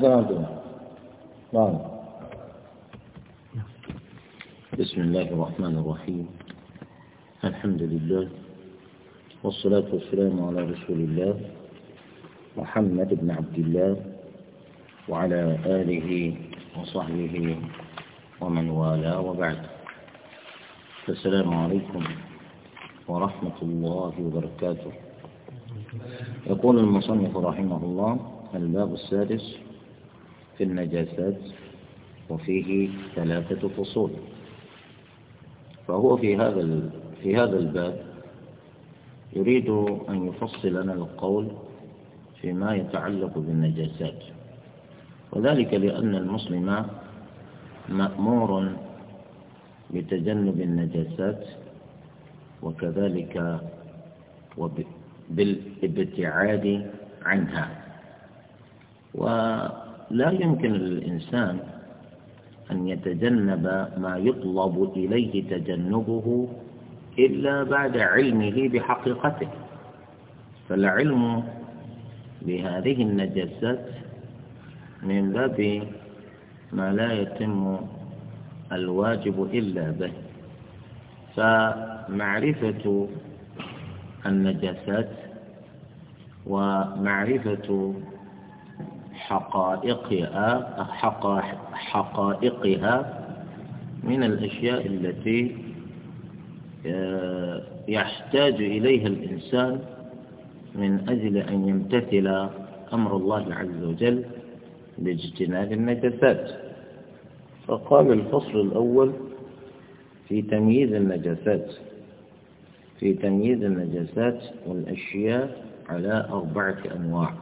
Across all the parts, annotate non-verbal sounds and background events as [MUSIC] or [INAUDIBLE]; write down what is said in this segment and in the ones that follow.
بسم الله الرحمن الرحيم الحمد لله والصلاة والسلام على رسول الله محمد بن عبد الله وعلى آله وصحبه ومن والاه وبعد السلام عليكم ورحمة الله وبركاته يقول المصنف رحمه الله الباب السادس في النجاسات وفيه ثلاثة فصول فهو في هذا في هذا الباب يريد أن يفصل لنا القول فيما يتعلق بالنجاسات وذلك لأن المسلم مأمور بتجنب النجاسات وكذلك وبالابتعاد عنها و لا يمكن للإنسان أن يتجنب ما يطلب إليه تجنبه إلا بعد علمه بحقيقته فالعلم بهذه النجسات من باب ما لا يتم الواجب إلا به فمعرفة النجسات ومعرفة حقائقها حقائقها من الأشياء التي آه، يحتاج إليها الإنسان من أجل أن يمتثل أمر الله عز وجل لاجتناب النجاسات فقال الفصل الأول في تمييز النجاسات في تمييز النجاسات والأشياء على أربعة أنواع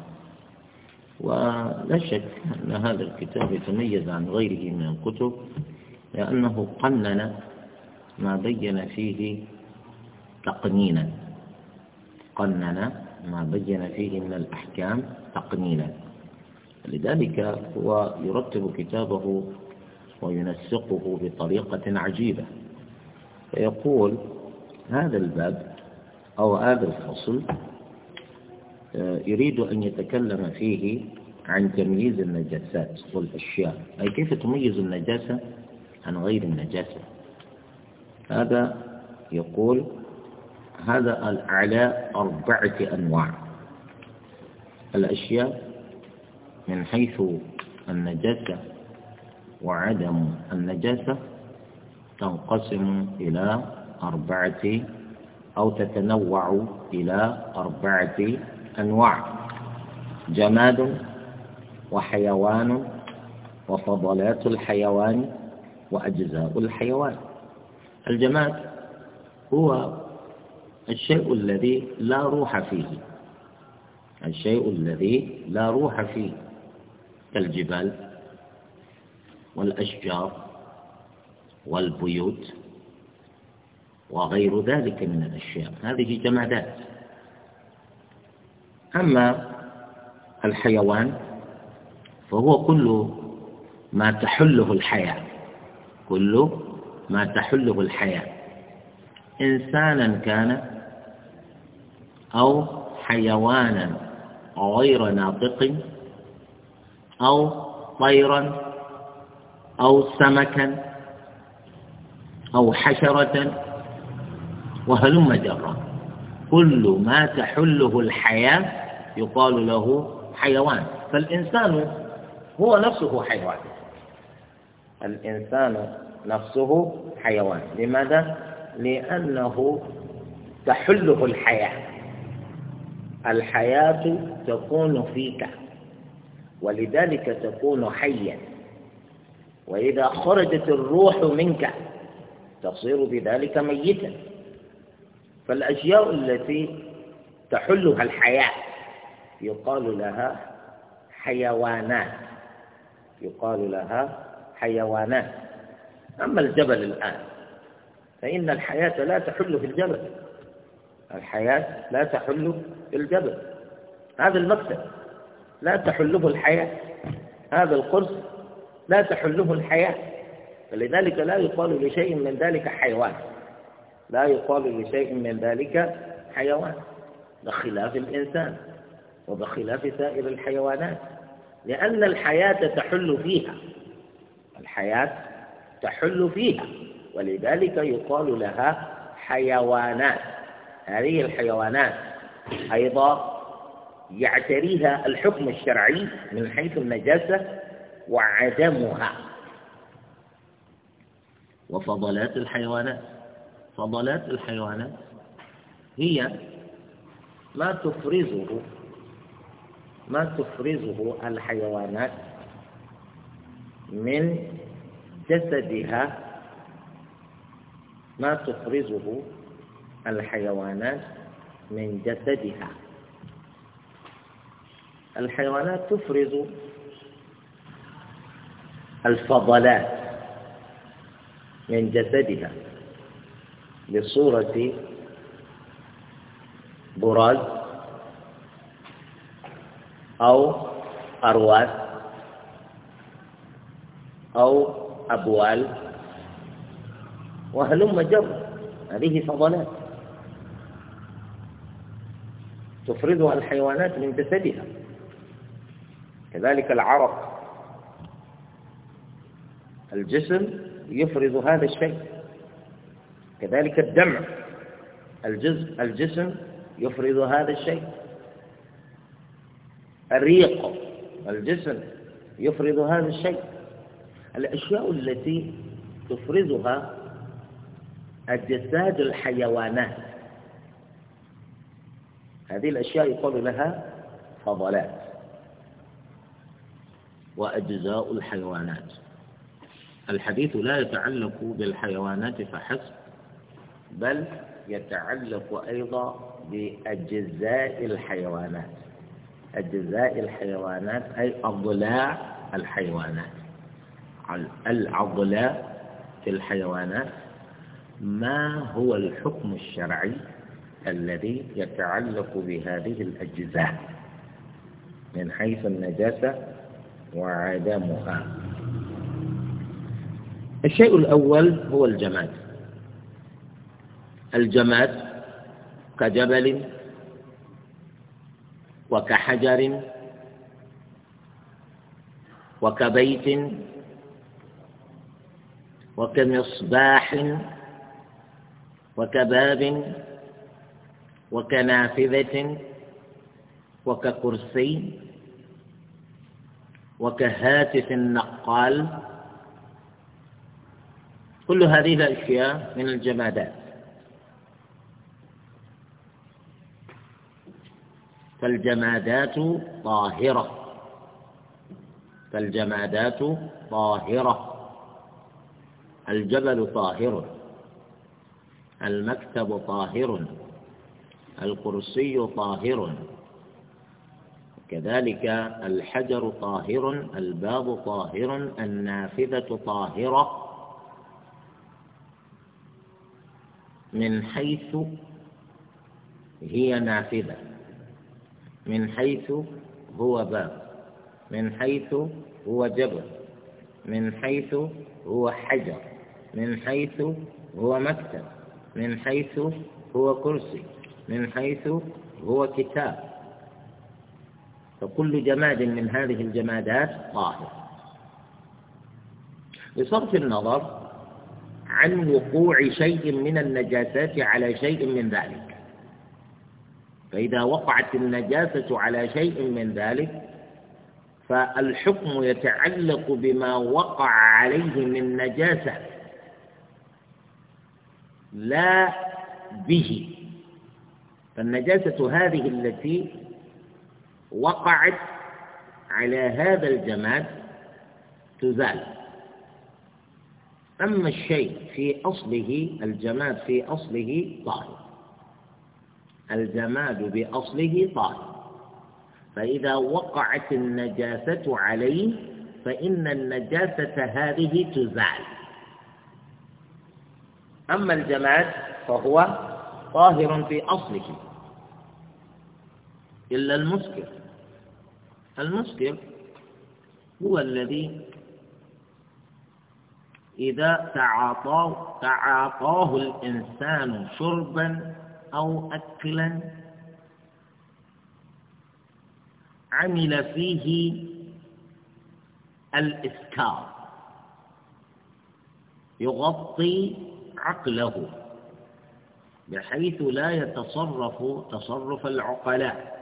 ولا شك أن هذا الكتاب يتميز عن غيره من الكتب لأنه قنن ما بين فيه تقنينا قنن ما بين فيه من الأحكام تقنينا لذلك هو يرتب كتابه وينسقه بطريقة عجيبة فيقول هذا الباب أو هذا الفصل آه، يريد أن يتكلم فيه عن تمييز النجاسات والأشياء أي كيف تميز النجاسة عن غير النجاسة هذا يقول هذا على أربعة أنواع الأشياء من حيث النجاسة وعدم النجاسة تنقسم إلى أربعة أو تتنوع إلى أربعة أنواع جماد وحيوان وفضلات الحيوان وأجزاء الحيوان الجماد هو الشيء الذي لا روح فيه الشيء الذي لا روح فيه كالجبال والأشجار والبيوت وغير ذلك من الأشياء هذه جمادات أما الحيوان فهو كل ما تحله الحياة كل ما تحله الحياة إنسانا كان أو حيوانا غير ناطق أو طيرا أو سمكا أو حشرة وهلم جرا كل ما تحله الحياة يقال له حيوان فالإنسان هو نفسه حيوان الإنسان نفسه حيوان لماذا؟ لأنه تحله الحياة الحياة تكون فيك ولذلك تكون حيا وإذا خرجت الروح منك تصير بذلك ميتا فالأشياء التي تحلها الحياة يقال لها حيوانات يقال لها حيوانات أما الجبل الآن فإن الحياة لا تحل في الجبل الحياة لا تحل في الجبل هذا المكتب لا تحله الحياة هذا القرص لا تحله الحياة فلذلك لا يقال لشيء من ذلك حيوان لا يقال لشيء من ذلك حيوان بخلاف الإنسان وبخلاف سائر الحيوانات لأن الحياة تحل فيها الحياة تحل فيها ولذلك يقال لها حيوانات هذه الحيوانات أيضا يعتريها الحكم الشرعي من حيث النجاسة وعدمها وفضلات الحيوانات فضلات الحيوانات هي ما تفرزه ما تفرزه الحيوانات من جسدها ما تفرزه الحيوانات من جسدها الحيوانات تفرز الفضلات من جسدها بصورة براز أو أرواد أو أبوال وهلم جر هذه فضلات تفرضها الحيوانات من جسدها كذلك العرق الجسم يفرز هذا الشيء كذلك الدمع الجسم يفرز هذا الشيء الريق الجسم يفرض هذا الشيء الأشياء التي تفرضها أجساد الحيوانات هذه الأشياء يقال لها فضلات وأجزاء الحيوانات الحديث لا يتعلق بالحيوانات فحسب بل يتعلق أيضا بأجزاء الحيوانات أجزاء الحيوانات أي أضلاع الحيوانات الأضلاع في الحيوانات ما هو الحكم الشرعي الذي يتعلق بهذه الأجزاء من حيث النجاسة وعدمها الشيء الأول هو الجماد الجماد كجبل وكحجر وكبيت وكمصباح وكباب وكنافذة وككرسي وكهاتف النقال كل هذه الأشياء من الجمادات فالجمادات طاهرة فالجمادات طاهرة الجبل طاهر المكتب طاهر الكرسي طاهر كذلك الحجر طاهر الباب طاهر النافذة طاهرة من حيث هي نافذة من حيث هو باب من حيث هو جبل من حيث هو حجر من حيث هو مكتب من حيث هو كرسي من حيث هو كتاب فكل جماد من هذه الجمادات طاهر بصرف النظر عن وقوع شيء من النجاسات على شيء من ذلك فإذا وقعت النجاسة على شيء من ذلك فالحكم يتعلق بما وقع عليه من نجاسة لا به فالنجاسة هذه التي وقعت على هذا الجماد تزال أما الشيء في أصله الجماد في أصله طاهر الجماد بأصله طاهر فإذا وقعت النجاسة عليه فإن النجاسة هذه تزال أما الجماد فهو طاهر في أصله إلا المسكر المسكر هو الذي إذا تعاطاه, تعاطاه الإنسان شربا أو أكلا عمل فيه الإسكار يغطي عقله بحيث لا يتصرف تصرف العقلاء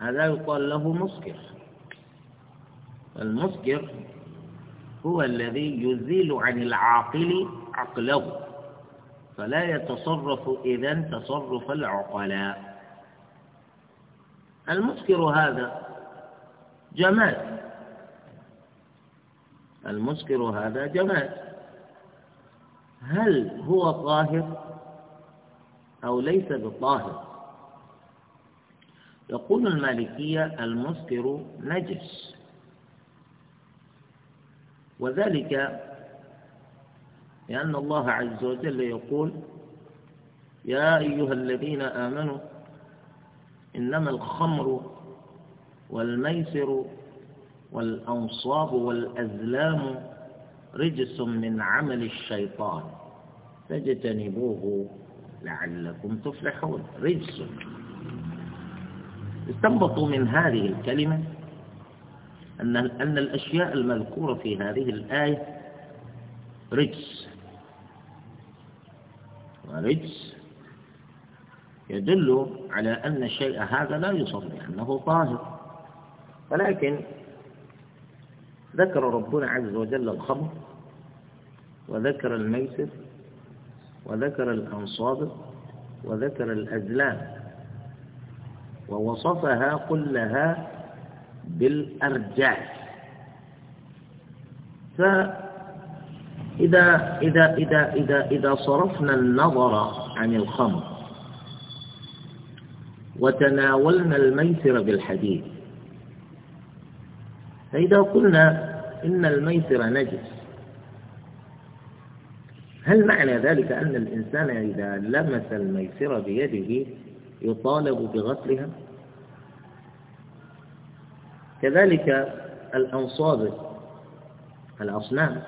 هذا يقال له مسكر المسكر هو الذي يزيل عن العاقل عقله فلا يتصرف إذا تصرف العقلاء المسكر هذا جماد المسكر هذا جماد هل هو طاهر أو ليس بطاهر يقول المالكية المسكر نجس وذلك لأن الله عز وجل يقول يا أيها الذين آمنوا إنما الخمر والميسر والأنصاب والأزلام رجس من عمل الشيطان فاجتنبوه لعلكم تفلحون رجس استنبطوا من هذه الكلمة أن أن الأشياء المذكورة في هذه الآية رجس رجس يدل على أن الشيء هذا لا يصف أنه طاهر ولكن ذكر ربنا عز وجل الخمر وذكر الميسر وذكر الأنصاب وذكر الأزلام ووصفها كلها بالأرجاء فالأرجاح إذا إذا إذا إذا إذا صرفنا النظر عن الخمر وتناولنا الميسر بالحديث فإذا قلنا إن الميسر نجس هل معنى ذلك أن الإنسان إذا لمس الميسر بيده يطالب بغسلها كذلك الأنصاب الأصنام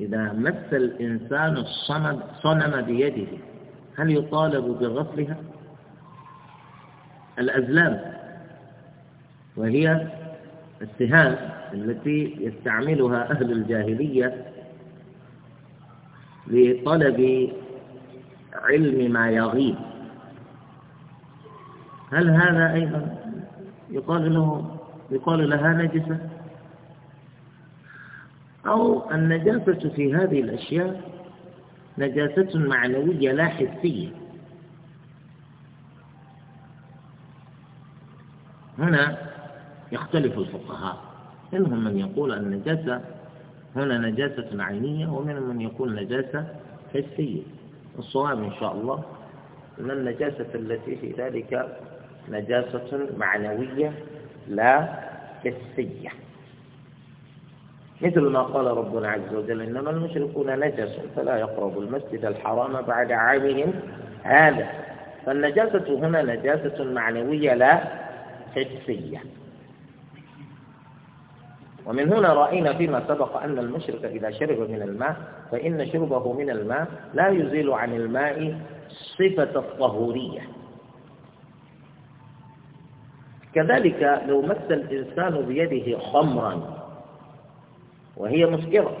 إذا مس الإنسان الصنم صنم بيده هل يطالب بغسلها؟ الأزلام وهي السهام التي يستعملها أهل الجاهلية لطلب علم ما يغيب هل هذا أيضا يقال له يقال لها نجسة أو النجاسة في هذه الأشياء نجاسة معنوية لا حسية هنا يختلف الفقهاء منهم من يقول النجاسة هنا نجاسة عينية ومنهم من يقول نجاسة حسية الصواب إن شاء الله أن النجاسة التي في ذلك نجاسة معنوية لا حسية مثل ما قال ربنا عز وجل إنما المشركون نجس فلا يقربوا المسجد الحرام بعد عامهم هذا فالنجاسة هنا نجاسة معنوية لا حسية ومن هنا رأينا فيما سبق أن المشرك إذا شرب من الماء فإن شربه من الماء لا يزيل عن الماء صفة الطهورية كذلك لو مس الإنسان بيده خمرا وهي مسكرة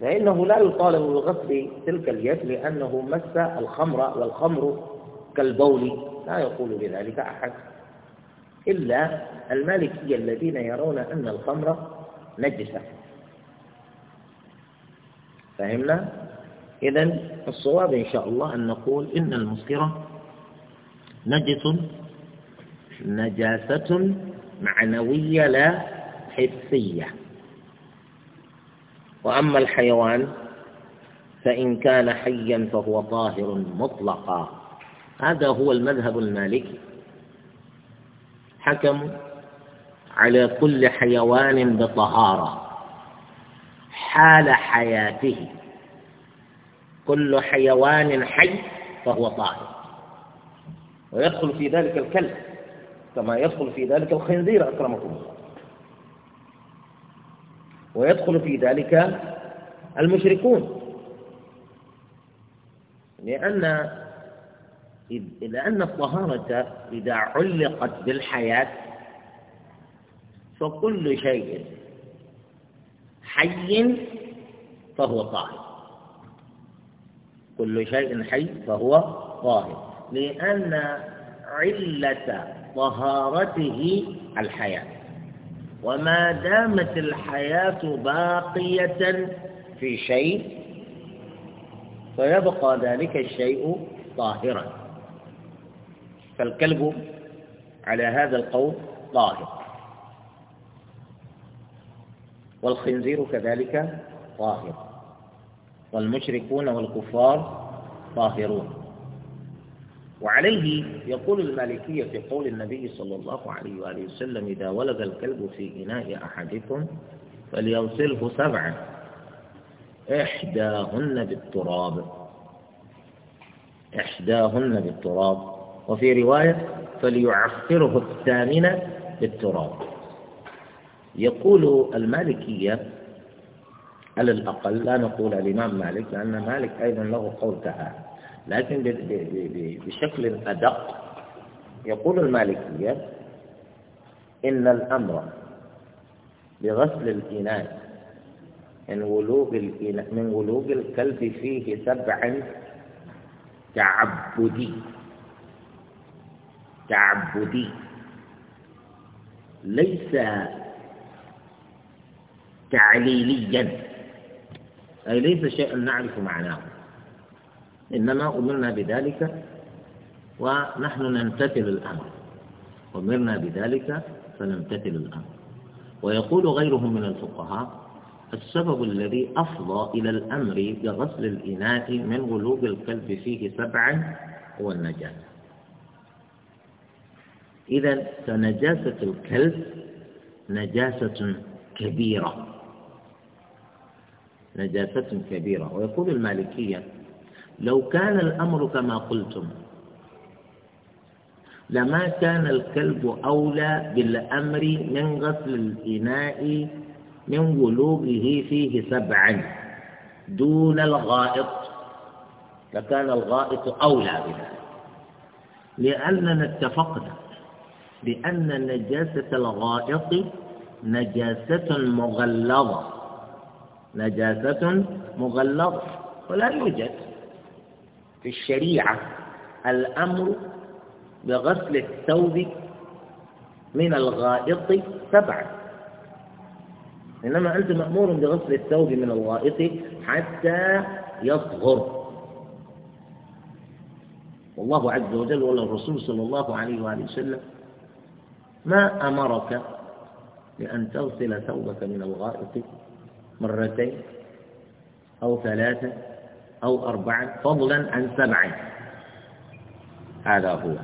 فإنه لا يطالب بغسل تلك اليد لأنه مس الخمر والخمر كالبول لا يقول بذلك أحد إلا المالكية الذين يرون أن الخمر نجسة فهمنا؟ إذا الصواب إن شاء الله أن نقول إن المسكرة نجس نجاسة معنوية لا حسية وأما الحيوان فإن كان حيا فهو طاهر مطلقا هذا هو المذهب المالكي حكم على كل حيوان بطهارة حال حياته كل حيوان حي فهو طاهر ويدخل في ذلك الكلب كما يدخل في ذلك الخنزير أكرمكم الله ويدخل في ذلك المشركون لأن لأن الطهارة إذا علقت بالحياة فكل شيء حي فهو طاهر كل شيء حي فهو طاهر لأن علة طهارته الحياة وما دامت الحياة باقية في شيء فيبقى ذلك الشيء طاهرا فالكلب على هذا القول طاهر والخنزير كذلك طاهر والمشركون والكفار طاهرون وعليه يقول المالكية في قول النبي صلى الله عليه وآله وسلم إذا ولد الكلب في إناء أحدكم فليغسله سبعا إحداهن بالتراب إحداهن بالتراب وفي رواية فليعفره الثامنة بالتراب يقول المالكية على الأقل لا نقول الإمام مالك لأن مالك أيضا له قول تعالى لكن بشكل أدق يقول المالكية إن الأمر بغسل الإناء من ولوغ الإناء من ولوغ الكلب فيه سبع تعبدي تعبدي ليس تعليليا أي ليس شيئا نعرف معناه إنما أمرنا بذلك ونحن نمتثل الأمر أمرنا بذلك فنمتثل الأمر ويقول غيرهم من الفقهاء السبب الذي أفضى إلى الأمر بغسل الإناء من غلوب الكلب فيه سبعا هو النجاسة إذا فنجاسة الكلب نجاسة كبيرة نجاسة كبيرة ويقول المالكية لو كان الأمر كما قلتم لما كان الكلب أولى بالأمر من غسل الإناء من ولوغه فيه سبعا دون الغائط لكان الغائط أولى بذلك لأننا اتفقنا بأن نجاسة الغائط نجاسة مغلظة نجاسة مغلظة ولا يوجد في الشريعة الأمر بغسل الثوب من الغائط سبعا إنما أنت مأمور بغسل الثوب من الغائط حتى يطهر والله عز وجل ولا الرسول صلى الله عليه وآله وسلم ما أمرك بأن تغسل ثوبك من الغائط مرتين أو ثلاثة أو أربعة فضلا عن سبعة هذا هو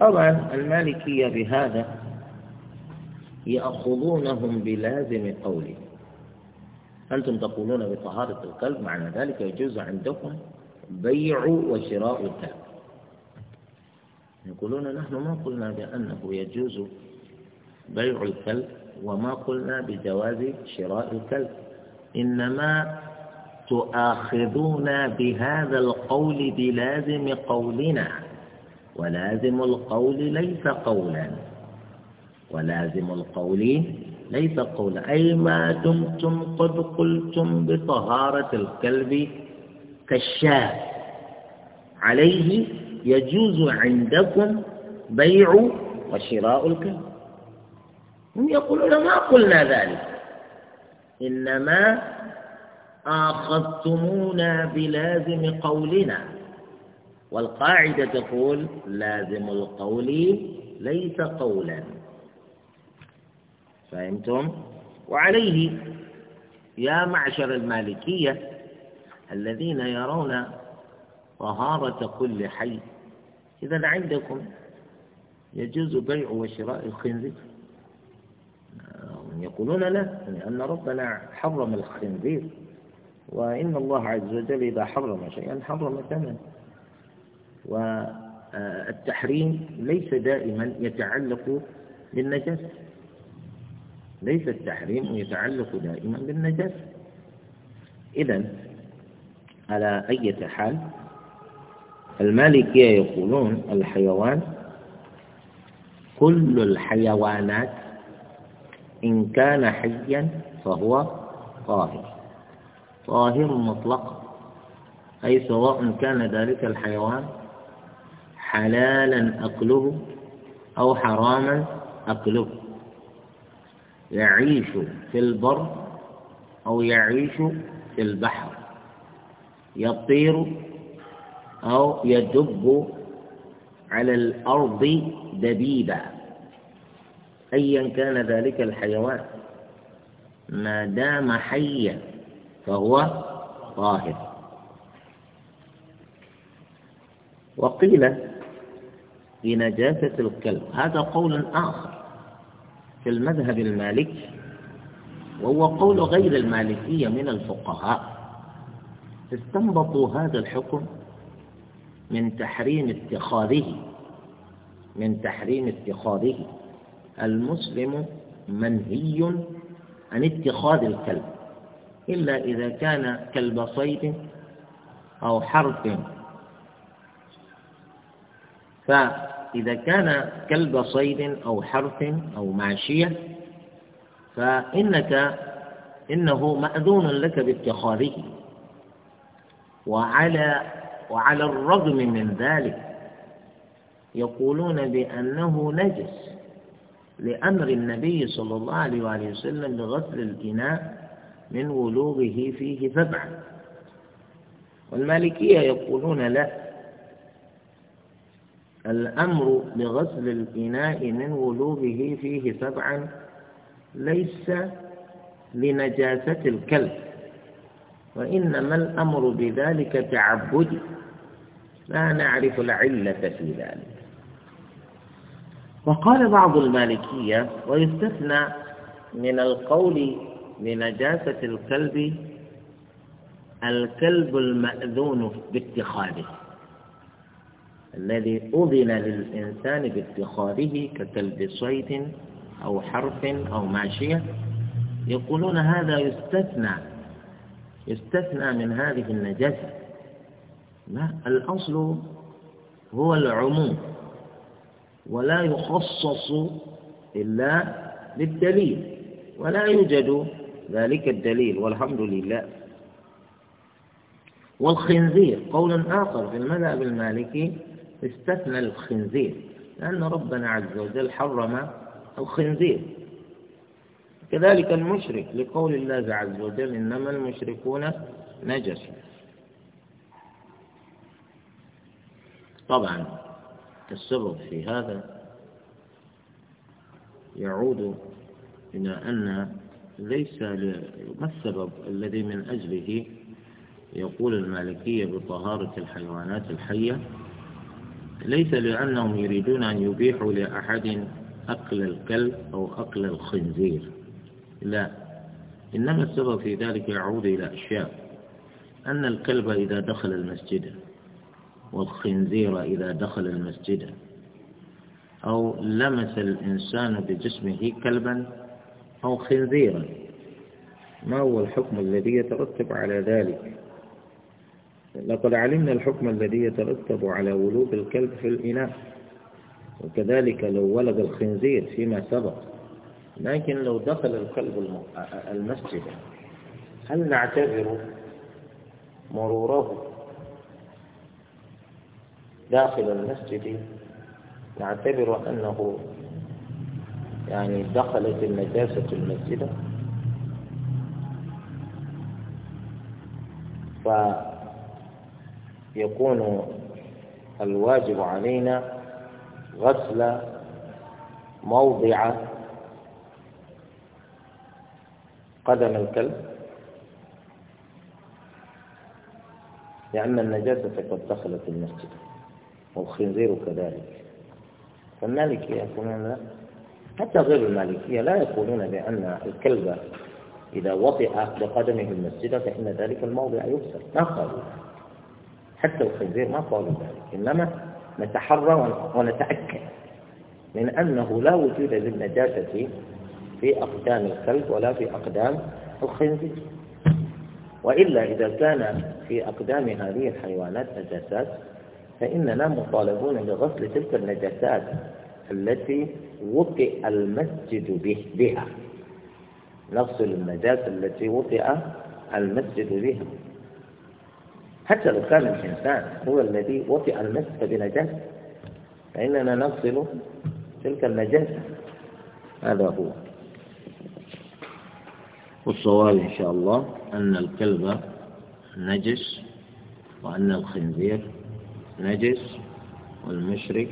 طبعا المالكية بهذا يأخذونهم بلازم قولي أنتم تقولون بطهارة القلب معنى ذلك يجوز عندكم بيع وشراء الذهب يقولون نحن ما قلنا بأنه يجوز بيع الكلب وما قلنا بجواز شراء الكلب إنما تؤاخذون بهذا القول بلازم قولنا ولازم القول ليس قولا ولازم القول ليس قولا أي ما دمتم قد قلتم بطهارة الكلب كالشاة عليه يجوز عندكم بيع وشراء الكلب هم يقولون ما قلنا ذلك إنما أخذتمونا بلازم قولنا والقاعدة تقول لازم القول ليس قولا فهمتم؟ وعليه يا معشر المالكية الذين يرون طهارة كل حي إذا عندكم يجوز بيع وشراء الخنزير يقولون لا لأن ربنا حرم الخنزير وإن الله عز وجل إذا حرم شيئا حرم ثمنه والتحريم ليس دائما يتعلق بالنجاسة ليس التحريم يتعلق دائما بالنجاسة إذا على أي حال المالكية يقولون الحيوان كل الحيوانات إن كان حيا فهو طاهر طاهر مطلق أي سواء كان ذلك الحيوان حلالا أكله أو حراما أكله يعيش في البر أو يعيش في البحر يطير أو يدب على الأرض دبيبا أيا كان ذلك الحيوان ما دام حيا فهو طاهر وقيل في نجاسة الكلب هذا قول آخر في المذهب المالكي وهو قول غير المالكية من الفقهاء استنبطوا هذا الحكم من تحريم اتخاذه من تحريم اتخاذه المسلم منهي عن اتخاذ الكلب إلا إذا كان كالبصيد أو حرف فإذا كان كالبصيد أو حرف أو معشية فإنك إنه مأذون لك باتخاذه وعلى وعلى الرغم من ذلك يقولون بأنه نجس لأمر النبي صلى الله عليه وآله وسلم بغسل الإناء من ولوغه فيه سبعا والمالكية يقولون لا الأمر بغسل الإناء من ولوغه فيه سبعا ليس لنجاسة الكلب وإنما الأمر بذلك تعبدي لا نعرف العلة في ذلك وقال بعض المالكية ويستثنى من القول لنجاسة الكلب الكلب المأذون باتخاذه الذي أذن للإنسان باتخاذه ككلب صيد أو حرف أو ماشية يقولون هذا يستثنى يستثنى من هذه النجاسة لا الأصل هو العموم ولا يخصص إلا بالدليل ولا يوجد ذلك الدليل والحمد لله والخنزير قول آخر في المذهب المالكي استثنى الخنزير لأن ربنا عز وجل حرم الخنزير كذلك المشرك لقول الله عز وجل إنما المشركون نجس طبعا السبب في هذا يعود إلى أن ليس ما السبب الذي من أجله يقول المالكية بطهارة الحيوانات الحية ليس لأنهم يريدون أن يبيحوا لأحد أكل الكلب أو أكل الخنزير لا إنما السبب في ذلك يعود إلى أشياء أن الكلب إذا دخل المسجد والخنزير إذا دخل المسجد أو لمس الإنسان بجسمه كلبا أو خنزيرا ما هو الحكم الذي يترتب على ذلك لقد علمنا الحكم الذي يترتب على ولوب الكلب في الإناء وكذلك لو ولد الخنزير فيما سبق لكن لو دخل الكلب المسجد هل نعتبر مروره داخل المسجد نعتبر أنه يعني دخلت النجاسة المسجد فيكون الواجب علينا غسل موضع قدم الكلب لأن النجاسة قد دخلت المسجد والخنزير كذلك فالمالك يقولون لا حتى غير المالكية لا يقولون بأن الكلب إذا وطئ بقدمه المسجد فإن ذلك الموضع يغسل ما قالوا حتى الخنزير ما قالوا ذلك إنما نتحرى ونتأكد من أنه لا وجود للنجاسة في أقدام الكلب ولا في أقدام الخنزير وإلا إذا كان في أقدام هذه الحيوانات نجاسات فإننا مطالبون بغسل تلك النجاسات التي وطئ المسجد به بها نفس المجاز التي وطئ المسجد بها حتى لو كان الإنسان هو الذي وطئ المسجد بنجاسة فإننا نفصل تلك النجاسة هذا هو والصواب إن شاء الله أن الكلب نجس وأن الخنزير نجس والمشرك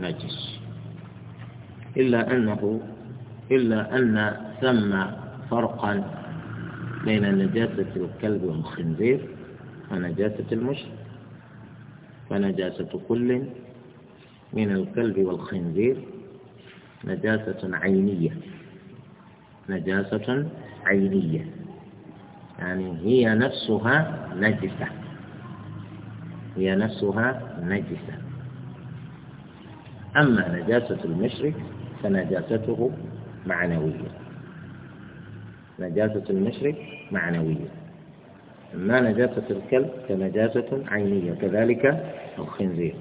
نجس إلا أنه إلا أن ثم فرقا بين نجاسة الكلب والخنزير ونجاسة المشرك فنجاسة كل من الكلب والخنزير نجاسة عينية نجاسة عينية يعني هي نفسها نجسة هي نفسها نجسة أما نجاسة المشرك فنجاسته معنوية نجاسة المشرك معنوية أما نجاسة الكلب فنجاسة عينية كذلك الخنزير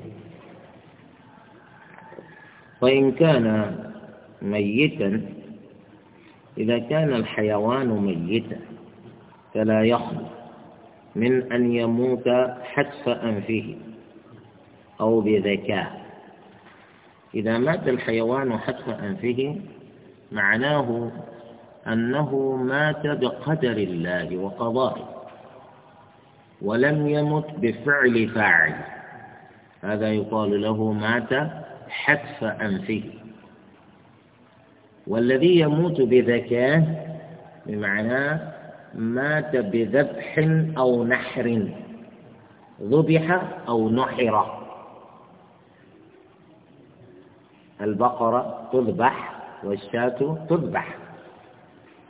وإن كان ميتا إذا كان الحيوان ميتا فلا يخلو من أن يموت حتف أنفه أو بذكاء إذا مات الحيوان حتف أنفه معناه أنه مات بقدر الله وقضائه ولم يمت بفعل فاعل هذا يقال له مات حتف أنفه والذي يموت بذكاء بمعنى مات بذبح أو نحر ذبح أو نحر البقرة تذبح والشاة تذبح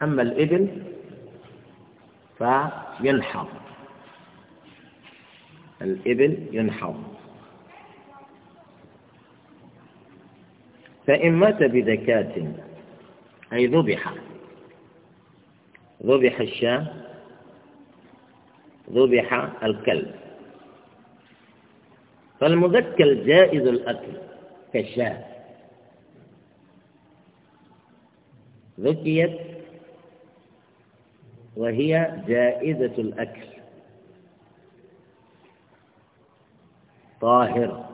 أما الإبل فينحر الإبل ينحر فإن مات بذكاة أي ذبح ذبح الشاة ذبح الكلب فالمذكى جائز الأكل كالشاة ذكيت وهي جائزة الأكل طاهر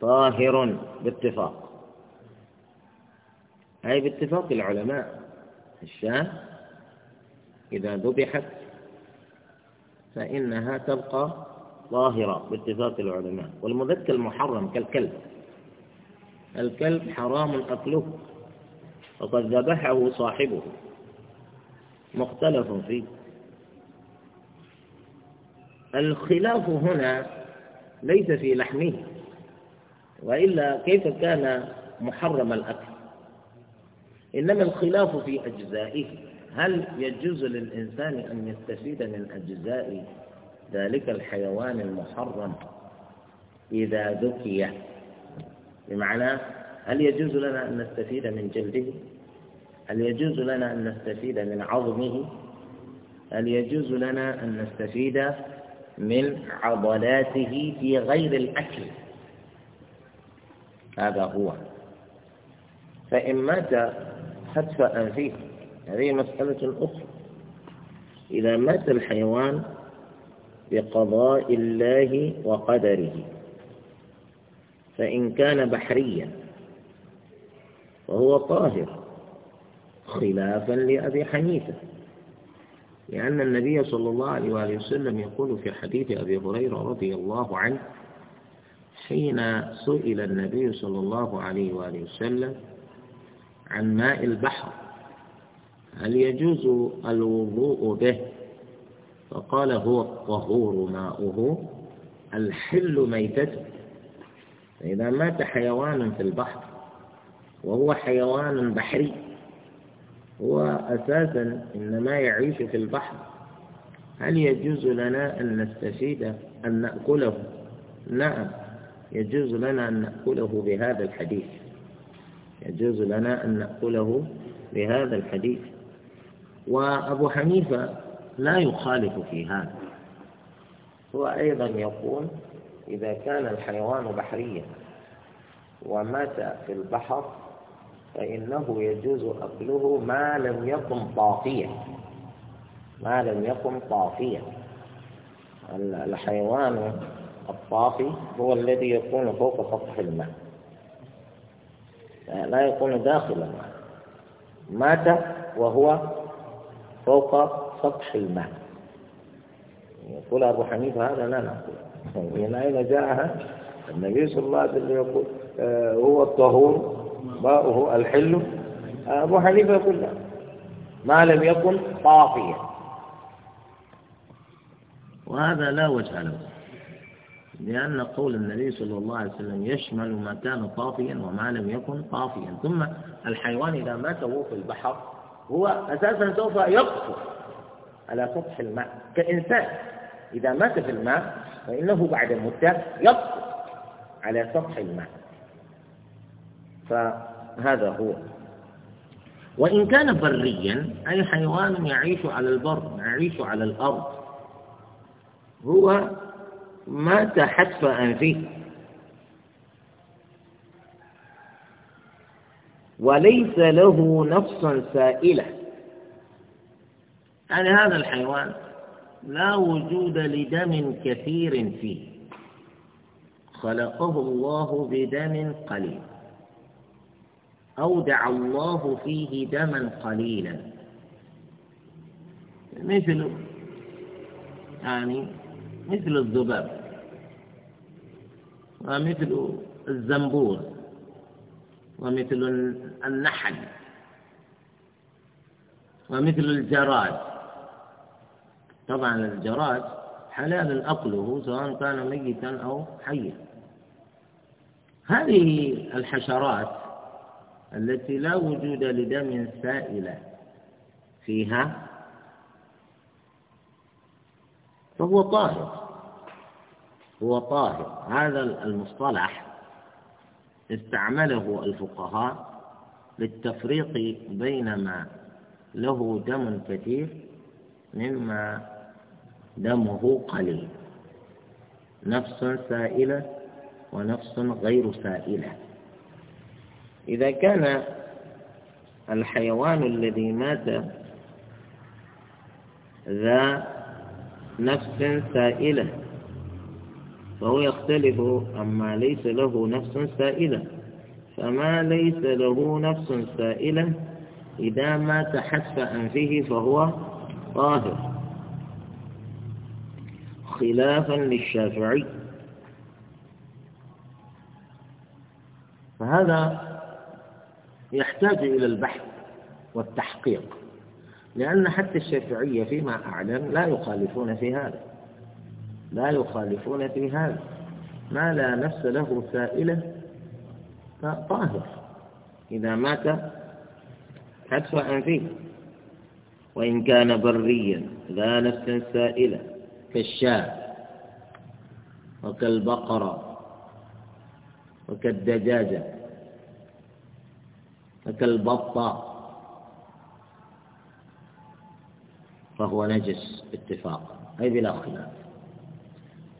طاهر باتفاق أي باتفاق العلماء الشاة إذا ذبحت فإنها تبقى طاهرة باتفاق العلماء والمذكر المحرم كالكلب الكلب حرام أكله وقد ذبحه صاحبه مختلف فيه الخلاف هنا ليس في لحمه وإلا كيف كان محرم الأكل إنما الخلاف في أجزائه هل يجوز للإنسان أن يستفيد من أجزاء ذلك الحيوان المحرم إذا ذكي بمعنى هل يجوز لنا أن نستفيد من جلده هل يجوز لنا أن نستفيد من عظمه هل يجوز لنا أن نستفيد من عضلاته في غير الأكل هذا هو فإن مات حتف أنفيه هذه مسألة أخرى إذا مات الحيوان بقضاء الله وقدره فإن كان بحريا فهو طاهر خلافا لأبي حنيفة لأن النبي صلى الله عليه وآله وسلم يقول في حديث أبي هريرة رضي الله عنه حين سئل النبي صلى الله عليه وآله وسلم عن ماء البحر هل يجوز الوضوء به فقال هو الطهور ماؤه الحل ميتته فإذا مات حيوان في البحر وهو حيوان بحري هو أساسا إنما يعيش في البحر هل يجوز لنا أن نستفيد أن نأكله نعم يجوز لنا أن نأكله بهذا الحديث يجوز لنا أن نأكله بهذا الحديث وأبو حنيفة لا يخالف في هذا هو أيضا يقول إذا كان الحيوان بحريا ومات في البحر فإنه يجوز أكله ما لم يكن طافيا ما لم يكن طافيا الحيوان الطافي هو الذي يكون فوق سطح الماء لا يكون داخل الماء مات وهو فوق سطح الماء يقول أبو حنيفة هذا لا نقول من أين جاءها النبي صلى الله عليه وسلم يقول آه، هو الطهور باؤه الحل أبو حنيفة يقول لا ما لم يكن طافيا وهذا لا وجه له لأن قول النبي صلى الله عليه وسلم يشمل ما كان طافيا وما لم يكن طافيا ثم الحيوان إذا مات وهو في البحر هو أساسا سوف يقفز على سطح الماء كإنسان إذا مات في الماء فإنه بعد مدة يقفز على سطح الماء فهذا هو وإن كان بريا أي حيوان يعيش على البر يعيش على الأرض هو مات حتف أنفه وليس له نفس سائلة يعني هذا الحيوان لا وجود لدم كثير فيه خلقه الله بدم قليل أودع الله فيه دما قليلا مثل يعني مثل الذباب ومثل الزنبور ومثل النحل ومثل الجراد طبعا الجراد حلال أكله سواء كان ميتا أو حيا هذه الحشرات التي لا وجود لدم سائلة فيها فهو طاهر هو طاهر هذا المصطلح استعمله الفقهاء للتفريق بين ما له دم كثير مما دمه قليل نفس سائلة ونفس غير سائلة إذا كان الحيوان الذي مات ذا نفس سائلة فهو يختلف أما ليس له نفس سائلة فما ليس له نفس سائلة إذا مات عن أنفه فهو طاهر خلافا للشافعي فهذا يحتاج إلى البحث والتحقيق لأن حتى الشافعية فيما أعلم لا يخالفون في هذا لا يخالفون في هذا ما لا نفس له سائلة فطاهر إذا مات عن فيه وإن كان بريا لا نفس سائلة كالشاة وكالبقرة وكالدجاجة كالبطة فهو نجس اتفاقا أي بلا خلاف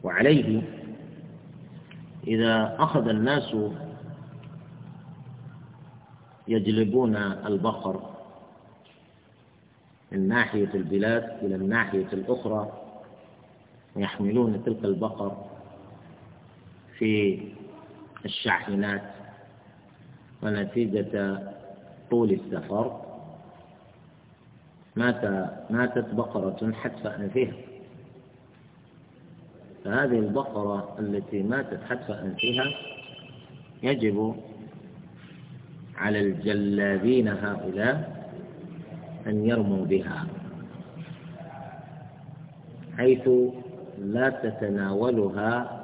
وعليه إذا أخذ الناس يجلبون البقر من ناحية البلاد إلى الناحية الأخرى ويحملون تلك البقر في الشاحنات ونتيجة طول السفر مات ماتت بقرة حتف أنفها فهذه البقرة التي ماتت حتف أنفها يجب على الجلابين هؤلاء أن يرموا بها حيث لا تتناولها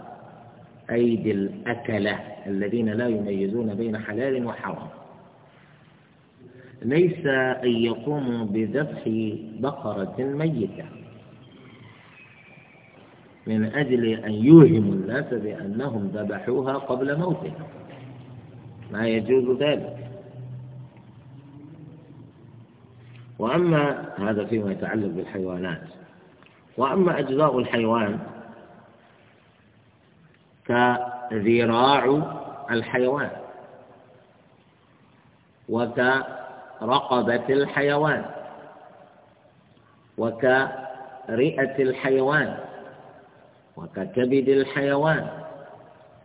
أيدي الأكلة الذين لا يميزون بين حلال وحرام ليس أن يقوموا بذبح بقرة ميتة من أجل أن يوهموا الناس بأنهم ذبحوها قبل موتها ما يجوز ذلك وأما هذا فيما يتعلق بالحيوانات وأما أجزاء الحيوان كذراع الحيوان وك رقبة الحيوان وكرئة الحيوان وككبد الحيوان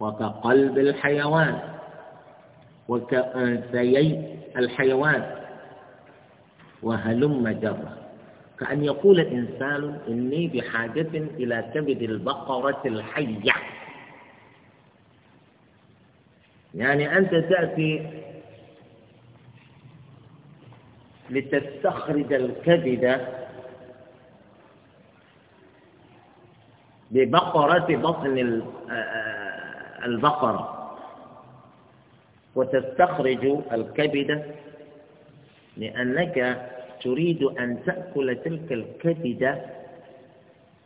وكقلب الحيوان وكأنثيي الحيوان وهلم جرة كأن يقول إنسان إني بحاجة إلى كبد البقرة الحية يعني أنت تأتي لتستخرج الكبد ببقرة بطن آه، البقرة وتستخرج الكبد لأنك تريد أن تأكل تلك الكبد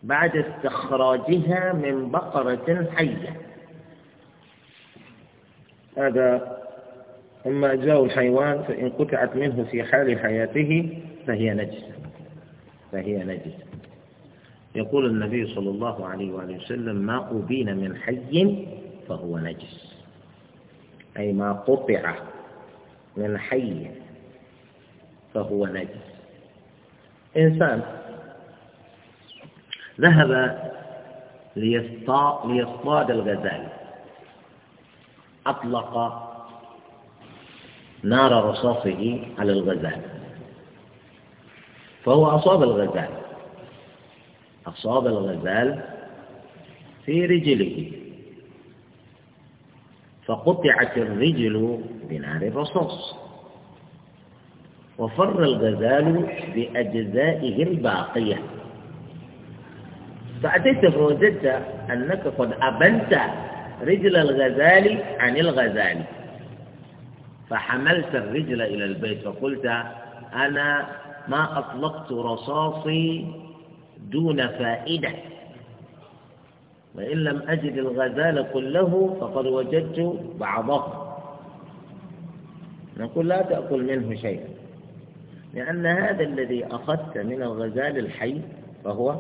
بعد استخراجها من بقرة حية هذا أما أجزاء الحيوان فإن قطعت منه في حال حياته فهي نجسة فهي نجسة يقول النبي صلى الله عليه وآله وسلم ما أبين من حي فهو نجس أي ما قطع من حي فهو نجس إنسان ذهب ليصطاد الغزال أطلق نار رصاصه على الغزال فهو أصاب الغزال أصاب الغزال في رجله فقطعت الرجل بنار الرصاص وفر الغزال بأجزائه الباقية فأتيت فوجدت أنك قد أبنت رجل الغزال عن الغزال فحملت الرجل إلى البيت فقلت أنا ما أطلقت رصاصي دون فائدة وإن لم أجد الغزال كله فقد وجدت بعضه نقول لا تأكل منه شيئا لأن هذا الذي أخذت من الغزال الحي فهو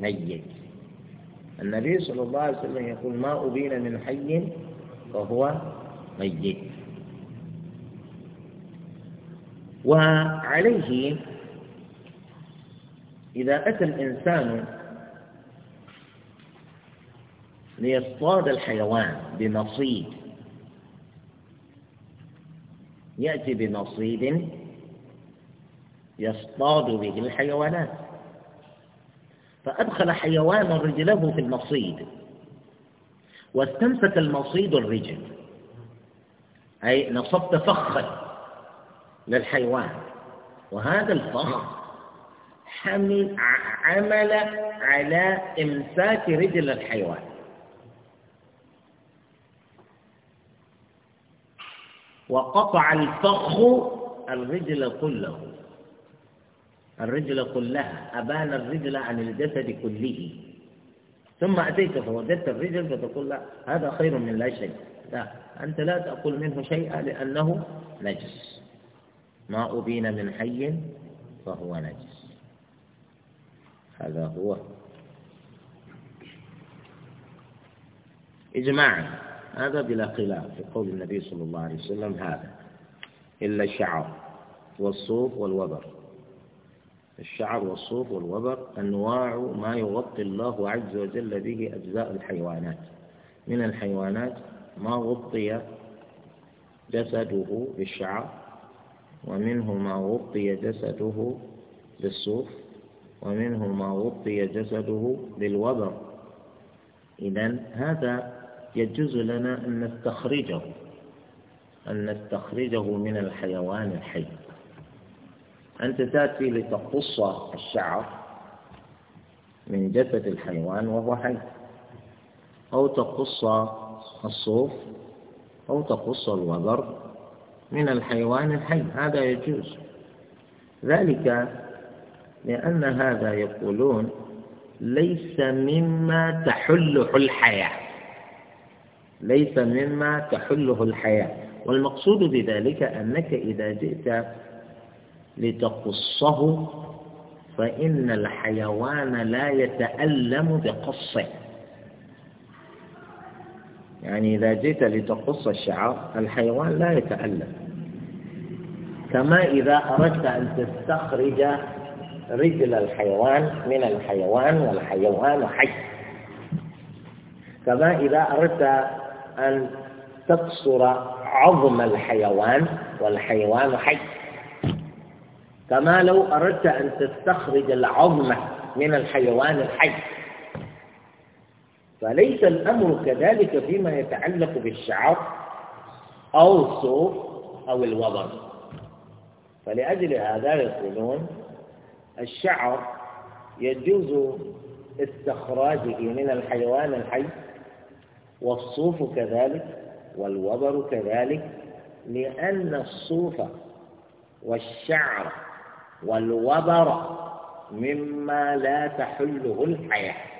ميت النبي صلى الله عليه وسلم يقول ما أبين من حي فهو ميت وعليه إذا أتى الإنسان ليصطاد الحيوان بنصيد يأتي بنصيد يصطاد به الحيوانات فأدخل حيوان رجله في المصيد واستمسك المصيد الرجل أي نصبت فخا للحيوان وهذا الفخذ حمل عمل على إمساك رجل الحيوان وقطع الفخ الرجل كله الرجل كلها أبان الرجل عن الجسد كله ثم أتيت فوجدت الرجل فتقول لا هذا خير من لا شيء لا أنت لا تأكل منه شيئا لأنه نجس ما أبين من حي فهو نجس هذا هو إجماعا هذا بلا خلاف في قول النبي صلى الله عليه وسلم هذا إلا الشعر والصوف والوبر الشعر والصوف والوبر أنواع ما يغطي الله عز وجل به أجزاء الحيوانات من الحيوانات ما غطي جسده بالشعر ومنه ما غطي جسده بالصوف ومنه ما غطي جسده بالوبر إذا هذا يجوز لنا أن نستخرجه أن نستخرجه من الحيوان الحي أنت تأتي لتقص الشعر من جسد الحيوان وهو حي أو تقص الصوف أو تقص الوبر من الحيوان الحي هذا يجوز ذلك لأن هذا يقولون ليس مما تحله الحياة ليس مما تحله الحياة والمقصود بذلك أنك إذا جئت لتقصه فإن الحيوان لا يتألم بقصه يعني إذا جئت لتقص الشعر الحيوان لا يتألم كما إذا أردت أن تستخرج رجل الحيوان من الحيوان والحيوان حي كما إذا أردت أن تقصر عظم الحيوان والحيوان حي كما لو أردت أن تستخرج العظم من الحيوان الحي فليس الأمر كذلك فيما يتعلق بالشعر أو الصوف أو الوبر فلأجل هذا يقولون الشعر يجوز استخراجه من الحيوان الحي والصوف كذلك والوبر كذلك لأن الصوف والشعر والوبر مما لا تحله الحياة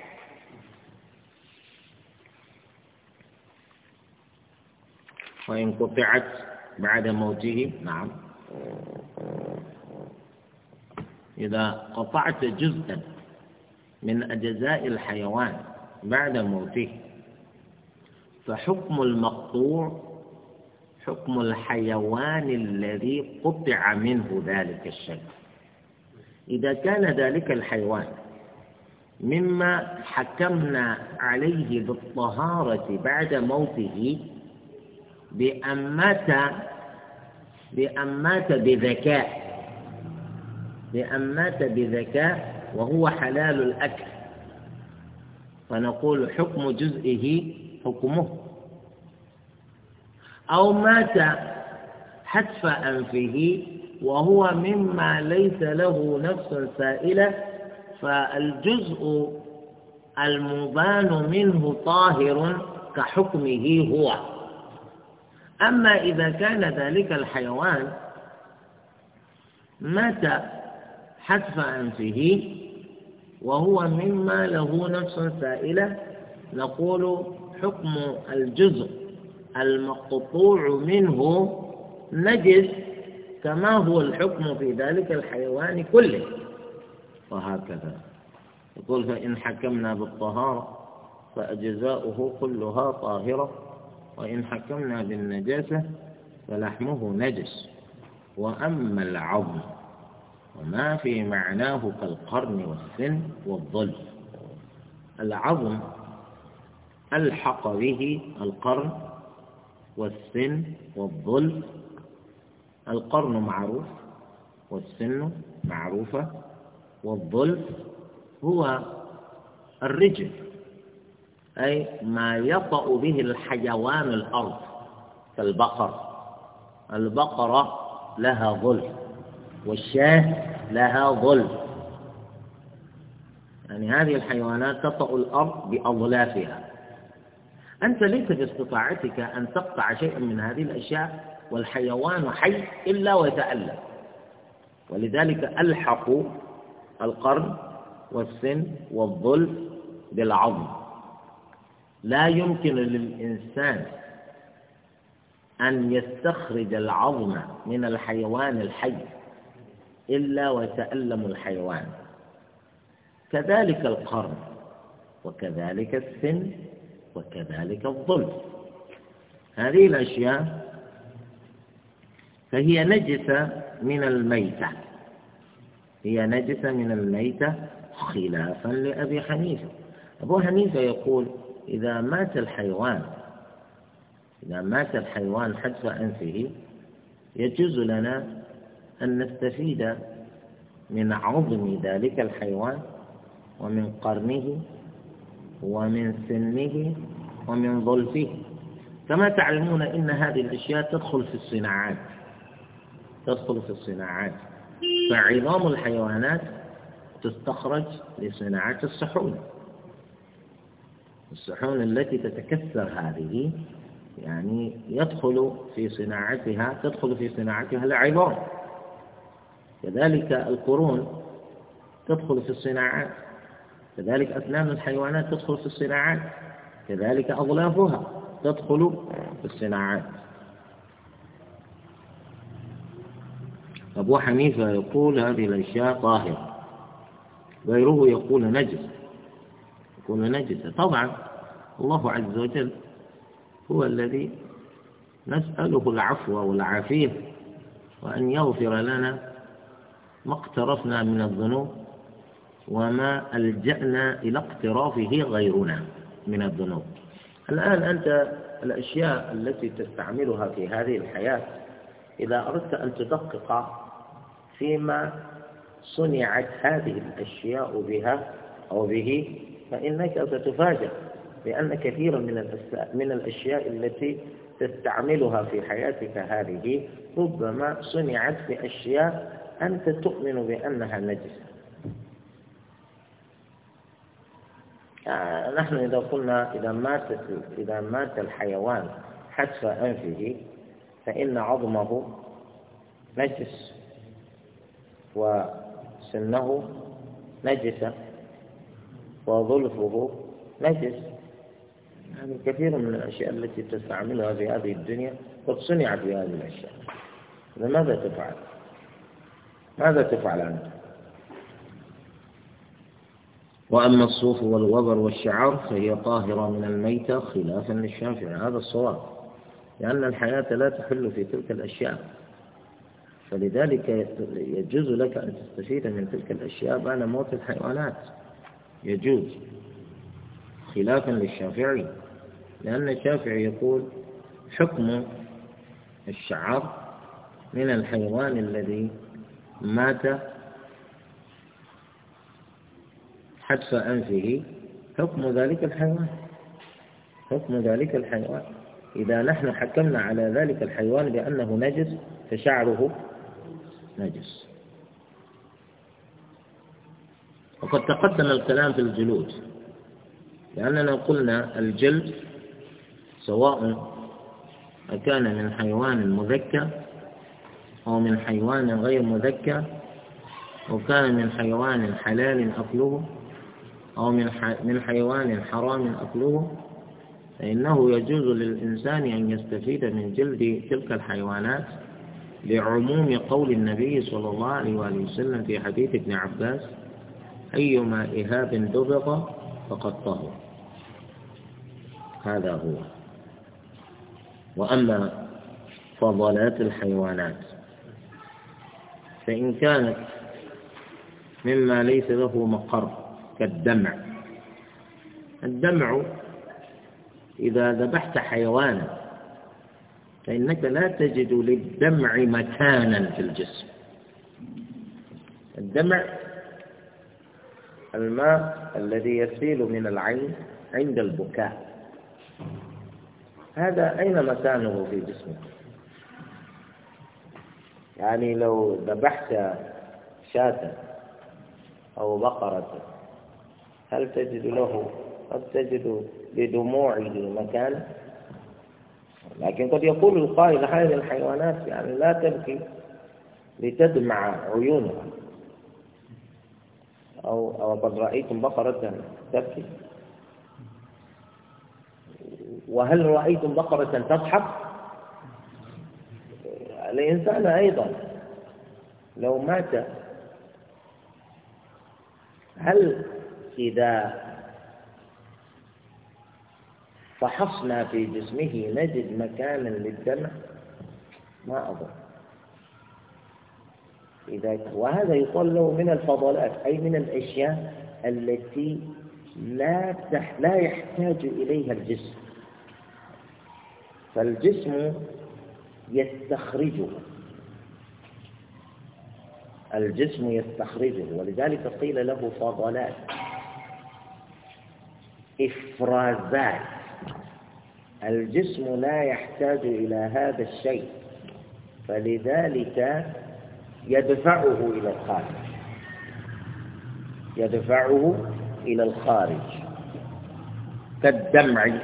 فإن قطعت بعد موته نعم إذا قطعت جزءا من أجزاء الحيوان بعد موته فحكم المقطوع حكم الحيوان الذي قطع منه ذلك الشيء إذا كان ذلك الحيوان مما حكمنا عليه بالطهارة بعد موته بأن مات بأن مات بذكاء بأن مات بذكاء وهو حلال الأكل فنقول حكم جزئه حكمه أو مات حتف أنفه وهو مما ليس له نفس سائلة فالجزء المبان منه طاهر كحكمه هو أما إذا كان ذلك الحيوان مات حتف أنفه وهو مما له نفس سائلة نقول حكم الجزء المقطوع منه نجس كما هو الحكم في ذلك الحيوان كله وهكذا يقول فإن حكمنا بالطهارة فأجزاؤه كلها طاهرة وإن حكمنا بالنجاسة فلحمه نجس وأما العظم وما في معناه كالقرن والسن والظل العظم ألحق به القرن والسن والظل القرن معروف والسن معروفة والظل هو الرجل أي ما يطأ به الحيوان الأرض كالبقر البقرة لها ظل والشاه لها ظل يعني هذه الحيوانات تطأ الأرض بأظلافها أنت ليس في استطاعتك أن تقطع شيئا من هذه الأشياء والحيوان حي إلا ويتألم ولذلك ألحقوا القرن والسن والظلف بالعظم لا يمكن للإنسان أن يستخرج العظم من الحيوان الحي إلا وتألم الحيوان كذلك القرن وكذلك السن وكذلك الظلم هذه الأشياء فهي نجسة من الميتة هي نجسة من الميتة خلافا لأبي حنيفة أبو حنيفة يقول إذا مات الحيوان إذا مات الحيوان حتف أنفه يجوز لنا أن نستفيد من عظم ذلك الحيوان ومن قرنه ومن سنه ومن ظلفه كما تعلمون إن هذه الأشياء تدخل في الصناعات تدخل في الصناعات فعظام الحيوانات تستخرج لصناعة الصحون الصحون التي تتكسر هذه يعني يدخل في صناعتها تدخل في صناعتها العظام كذلك القرون تدخل في الصناعات كذلك أسنان الحيوانات تدخل في الصناعات كذلك أظلافها تدخل في الصناعات أبو حنيفة يقول هذه الأشياء طاهرة غيره يقول نجس تكون نجسة طبعا الله عز وجل هو الذي نسأله العفو والعافية وأن يغفر لنا ما اقترفنا من الذنوب وما ألجأنا إلى اقترافه غيرنا من الذنوب الآن أنت الأشياء التي تستعملها في هذه الحياة إذا أردت أن تدقق فيما صنعت هذه الأشياء بها أو به فإنك ستفاجأ لأن كثيرا من من الأشياء التي تستعملها في حياتك هذه ربما صنعت بأشياء أنت تؤمن بأنها نجسة آه، نحن إذا قلنا إذا مات إذا مات الحيوان حتف أنفه فإن عظمه نجس وسنه نجسة وظلفه نجس يعني كثير من الأشياء التي تستعملها في هذه الدنيا قد صنعت بهذه الأشياء ماذا تفعل ماذا تفعل أنت وأما الصوف والوبر والشعر فهي طاهرة من الميتة خلافا للشافعي هذا الصواب لأن الحياة لا تحل في تلك الأشياء فلذلك يجوز لك أن تستفيد من تلك الأشياء بعد موت الحيوانات يجوز خلافا للشافعي لأن الشافعي يقول حكم الشعر من الحيوان الذي مات حتف أنفه حكم ذلك الحيوان حكم ذلك الحيوان إذا نحن حكمنا على ذلك الحيوان بأنه نجس فشعره نجس وقد تقدم الكلام في الجلود لأننا قلنا الجلد سواء أكان من حيوان مذكى أو من حيوان غير مذكى أو كان من حيوان حلال أكله أو من من حيوان حرام أكله فإنه يجوز للإنسان أن يستفيد من جلد تلك الحيوانات لعموم قول النبي صلى الله عليه وآله وسلم في حديث ابن عباس أيما إهاب دبغ فقد طهر هذا هو وأما فضلات الحيوانات فإن كانت مما ليس له مقر كالدمع الدمع إذا ذبحت حيوانا فإنك لا تجد للدمع مكانا في الجسم الدمع الماء الذي يسيل من العين عند البكاء هذا أين مكانه في جسمك يعني لو ذبحت شاة أو بقرة هل تجد له قد تجد لدموعه مكان لكن قد يقول القائل هذه الحيوانات يعني لا تبكي لتدمع عيونها أو أو قد رأيتم بقرة تبكي وهل رأيتم بقرة تضحك الإنسان أيضا لو مات هل إذا فحصنا في جسمه نجد مكانا للدم ما أظن إذا وهذا يقال له من الفضلات أي من الأشياء التي لا لا يحتاج إليها الجسم فالجسم يستخرجه الجسم يستخرجه ولذلك قيل له فضلات إفرازات الجسم لا يحتاج إلى هذا الشيء فلذلك يدفعه إلى الخارج يدفعه إلى الخارج كالدمع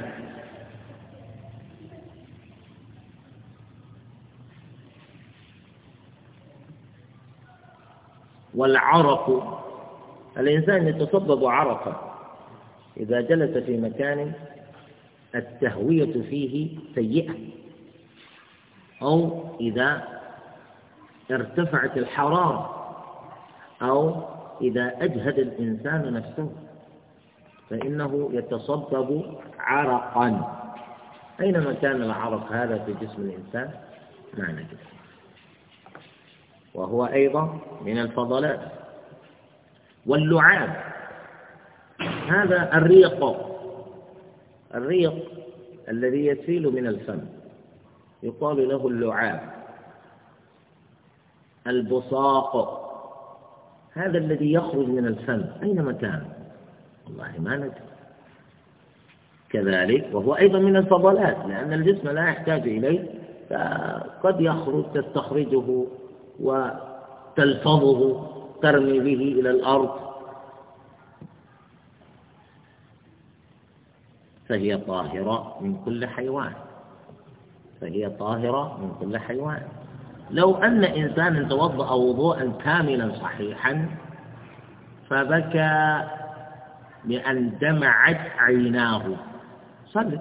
والعرق الإنسان يتصبب عرقا إذا جلس في مكان التهوية فيه سيئة أو إذا ارتفعت الحرارة أو إذا أجهد الإنسان نفسه فإنه يتصبب عرقا أينما كان العرق هذا في جسم الإنسان ما نجد وهو أيضا من الفضلات واللعاب هذا الريق الريق الذي يسيل من الفم يقال له اللعاب البصاق هذا الذي يخرج من الفم أينما كان والله ما ندري كذلك وهو أيضا من الفضلات لأن الجسم لا يحتاج إليه فقد يخرج تستخرجه وتلفظه ترمي به إلى الأرض فهي طاهرة من كل حيوان فهي طاهرة من كل حيوان لو أن إنسانا توضأ وضوءا كاملا صحيحا فبكى بأن دمعت عيناه صلى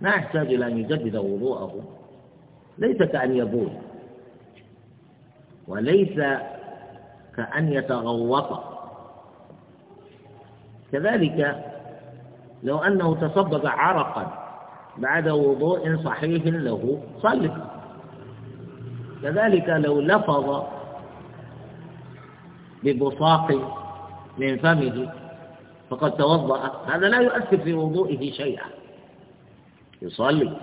ما يحتاج إلى أن يجدد وضوءه ليس كأن يبول وليس كأن يتغوط كذلك لو أنه تصبب عرقا بعد وضوء صحيح له صلى كذلك لو لفظ ببصاق من فمه فقد توضأ هذا لا يؤثر في وضوئه شيئا يصلي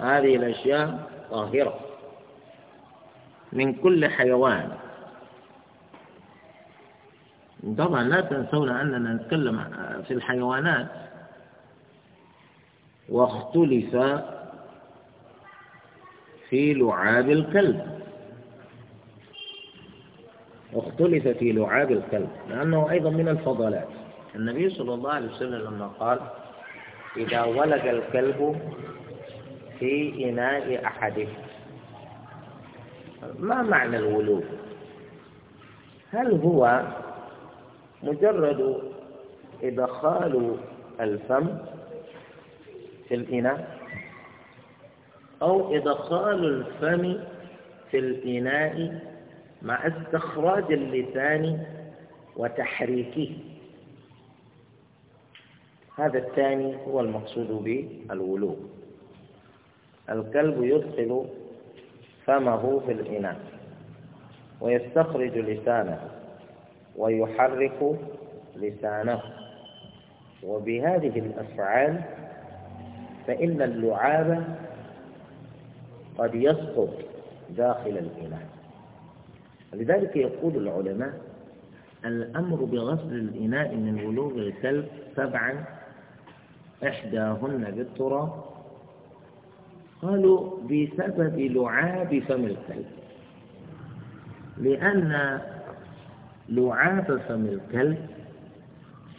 هذه الأشياء طاهرة من كل حيوان طبعا لا تنسون أننا نتكلم في الحيوانات واختلف في لعاب الكلب اختلف في لعاب الكلب لأنه أيضا من الفضلات النبي صلى الله عليه وسلم لما قال إذا ولد الكلب في إناء أحده ما معنى الولود هل هو مجرد إدخال الفم في الإناء أو إدخال الفم في الإناء مع استخراج اللسان وتحريكه هذا الثاني هو المقصود بالغلو الكلب يدخل فمه في الإناء ويستخرج لسانه ويحرك لسانه وبهذه الأفعال فإن اللعاب قد يسقط داخل الإناء لذلك يقول العلماء الأمر بغسل الإناء من بلوغ الكلب سبعا إحداهن بالتراب قالوا بسبب لعاب فم الكلب لأن لعاب فم الكلب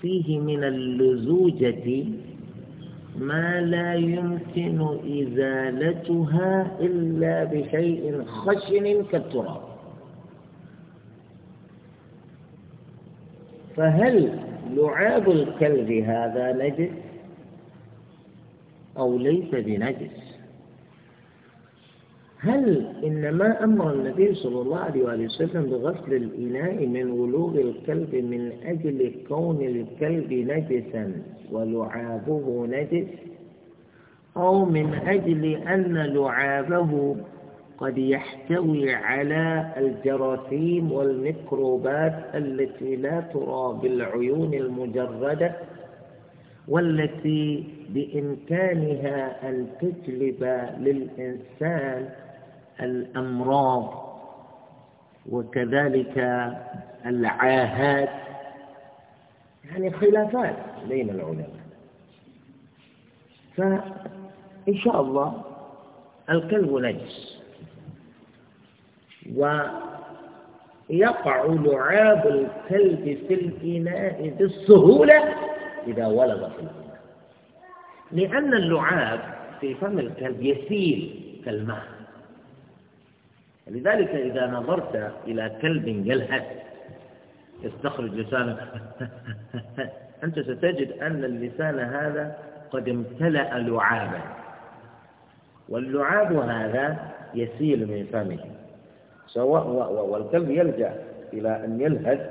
فيه من اللزوجة ما لا يمكن إزالتها إلا بشيء خشن كالتراب فهل لعاب الكلب هذا نجس أو ليس بنجس هل إنما أمر النبي صلى الله عليه وآله وسلم بغسل الإناء من ولوغ الكلب من أجل كون الكلب نجسا ولعابه نجس أو من أجل أن لعابه قد يحتوي على الجراثيم والميكروبات التي لا ترى بالعيون المجردة والتي بإمكانها أن تجلب للإنسان الأمراض وكذلك العاهات يعني خلافات بين العلماء فإن شاء الله الكلب نجس ويقع لعاب الكلب في الإناء بالسهولة إذا ولغ في الإناء لأن اللعاب في فم الكلب يسيل كالماء لذلك إذا نظرت إلى كلب يلهث يستخرج لسانه [LAUGHS] أنت ستجد أن اللسان هذا قد امتلأ لعابا واللعاب هذا يسيل من فمه سواء والكلب يلجأ إلى أن يلهث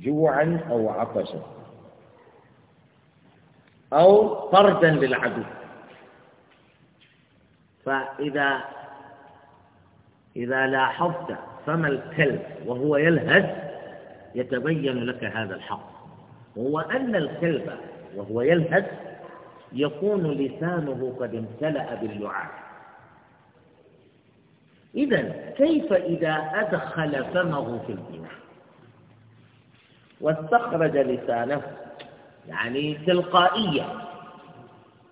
جوعا أو عطشا أو طردا للعدو فإذا إذا لاحظت فم الكلب وهو يلهث يتبين لك هذا الحق هو أن الكلب وهو يلهث يكون لسانه قد امتلأ باللعاب إذا كيف إذا أدخل فمه في الإناء واستخرج لسانه يعني تلقائيا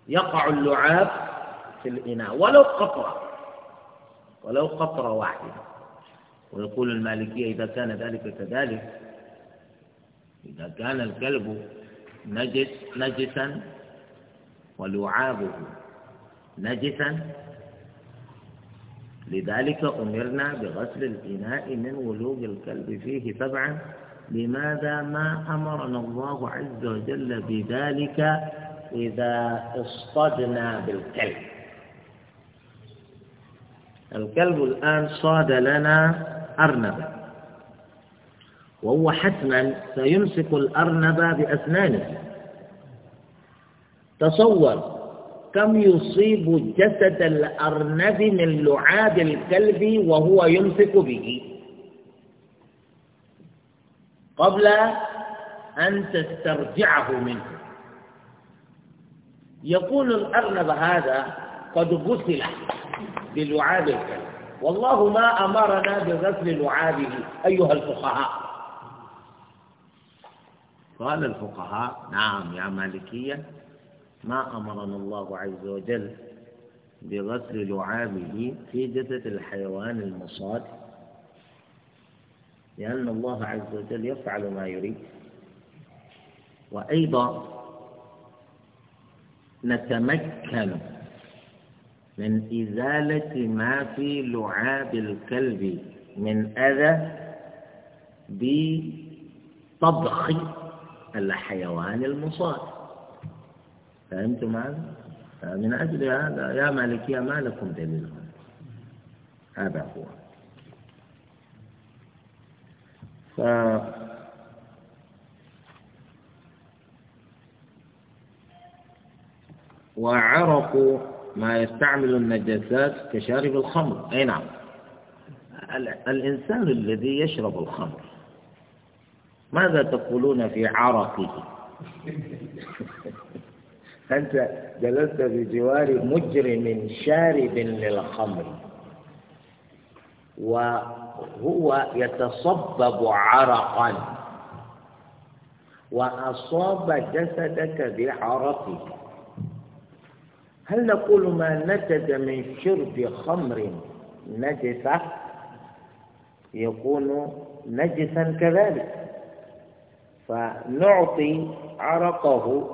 يقع اللعاب في الإناء ولو قطرة ولو قطرة واحدة ويقول المالكية إذا كان ذلك كذلك إذا كان الكلب نجس نجسا ولعابه نجسا لذلك أمرنا بغسل الإناء من ولوغ الكلب فيه تبعا لماذا ما أمرنا الله عز وجل بذلك إذا اصطدنا بالكلب الكلب الآن صاد لنا أرنبا وهو حتما سيمسك الأرنب بأسنانه تصور كم يصيب جسد الأرنب من لعاب الكلب وهو يمسك به قبل أن تسترجعه منه يكون الأرنب هذا قد غسل بلعاب الكلب والله ما أمرنا بغسل لعابه أيها الفقهاء قال الفقهاء نعم يا مالكية ما أمرنا الله عز وجل بغسل لعابه في جثة الحيوان المصاد لأن الله عز وجل يفعل ما يريد وأيضا نتمكن من إزالة ما في لعاب الكلب من أذى بطبخ الحيوان المصاب فهمتم هذا؟ من أجل هذا يا مالكية ما لكم دليل هذا هو ف وعرقوا ما يستعمل النجاسات كشارب الخمر أي نعم الإنسان الذي يشرب الخمر ماذا تقولون في عرقه [LAUGHS] أنت جلست بجوار مجرم شارب للخمر وهو يتصبب عرقا وأصاب جسدك بعرقه هل نقول ما نتج من شرب خمر نجسة يكون نجسا كذلك فنعطي عرقه